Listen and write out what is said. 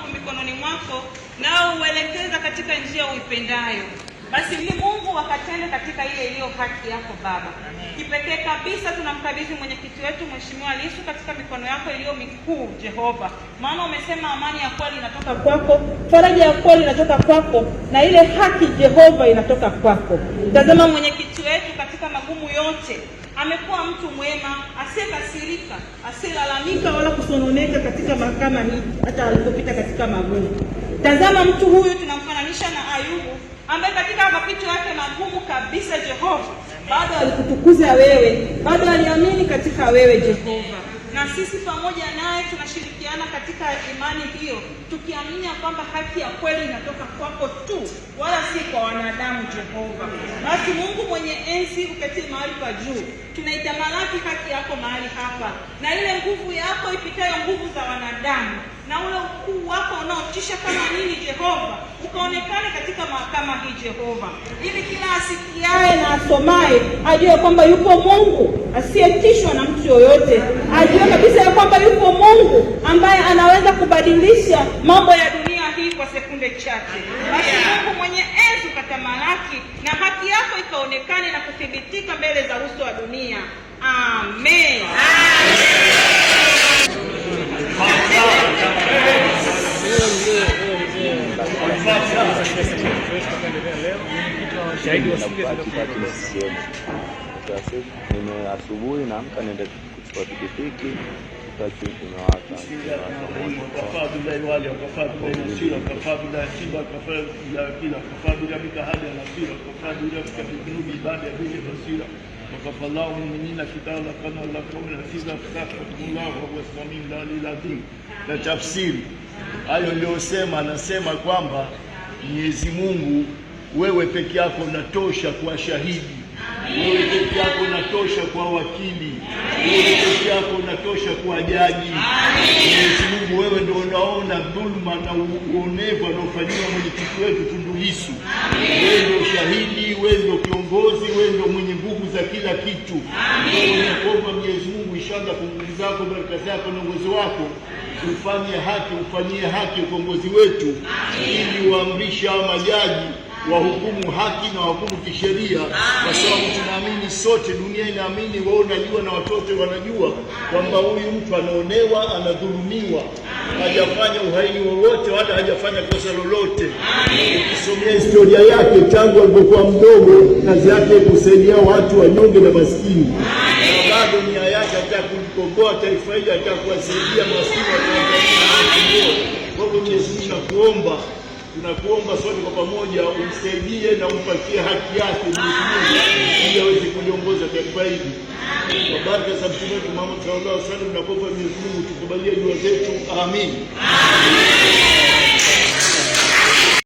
wako mikononi mwako, nao uelekeza katika njia uipendayo. Basi ni Mungu akatende katika ile iliyo haki yako Baba. Kipekee kabisa tunamkabidhi mwenyekiti wetu Mheshimiwa Lissu katika mikono yako iliyo mikuu Jehova, maana umesema amani ya kweli inatoka kwako, faraja ya kweli inatoka kwako, na ile haki Jehova inatoka kwako. Tazama mwenyekiti mwenyekiti wetu katika magumu yote amekuwa mtu mwema asiyekasirika, asiyelalamika wala kusononeka katika mahakama hii, hata alipopita katika magumu. Tazama mtu huyu tunamfananisha na Ayubu ambaye katika mapito yake magumu kabisa, Jehova bado alikutukuza wewe, bado aliamini katika wewe Jehova na sisi pamoja naye tunashirikiana katika imani hiyo, tukiamini kwamba haki ya kweli inatoka kwako tu, wala si kwa wanadamu. Jehova, basi Mungu mwenye enzi, uketie mahali pa juu, tunaitamalaki haki yako mahali hapa, na ile nguvu yako ipitayo nguvu za wanadamu na ule ukuu kutisha kama nini Jehova, ukaonekane katika mahakama hii Jehova, ili kila asikiaye na asomaye ajue kwamba yupo Mungu asiyetishwa na mtu yoyote, ajue kabisa ya kwamba yupo Mungu ambaye anaweza kubadilisha mambo ya dunia hii kwa sekunde chache. Basi Mungu mwenye enzi ukatamalaki na haki yako ikaonekane na kuthibitika mbele za uso wa dunia. Amen. Asubuhi naamka naenda kuchukua pikipiki imewaka وكفى الله المؤمنين Na tafsiri hayo niliyosema, anasema kwamba Mwenyezi Mungu wewe peke yako natosha kuwa shahidi Peke yako unatosha kwa wakili, peke yako unatosha kwa jaji. Mwenyezi Mungu, wewe ndio unaona dhulma na uonevu anaofanyiwa mwenyekiti wetu Tundu Lissu. Wewe ndio shahidi, wewe ndio kiongozi, wewe ndio mwenye nguvu za kila kitu. Nakuomba Mwenyezi Mungu, inshallah kwa zako, baraka zako na uongozi wako ufanye haki, ufanyie haki ukombozi wetu, ili waamrisha majaji wahukumu haki na wahukumu kisheria, kwa sababu tunaamini sote, dunia inaamini, wao unajua na watoto wanajua kwamba huyu mtu anaonewa, anadhulumiwa, hajafanya uhaini wowote hata hajafanya kosa lolote. Ukisomea historia yake tangu alipokuwa mdogo, kazi yake kusaidia watu wanyonge na maskini, bado nia yake hata kulikomboa taifa hili, hata kuwasaidia maskini wa Tanzania. Kwa hivyo Mwenyezi Mungu nakuomba tunakuomba sote kwa pamoja umsaidie na umpatie haki yake ili aweze kuliongoza taifa hili kwa baraka za Mtume wetu Muhammad sallallahu alaihi wasallam. kwa Mwenyezi Mungu tukubalie dua zetu, amin.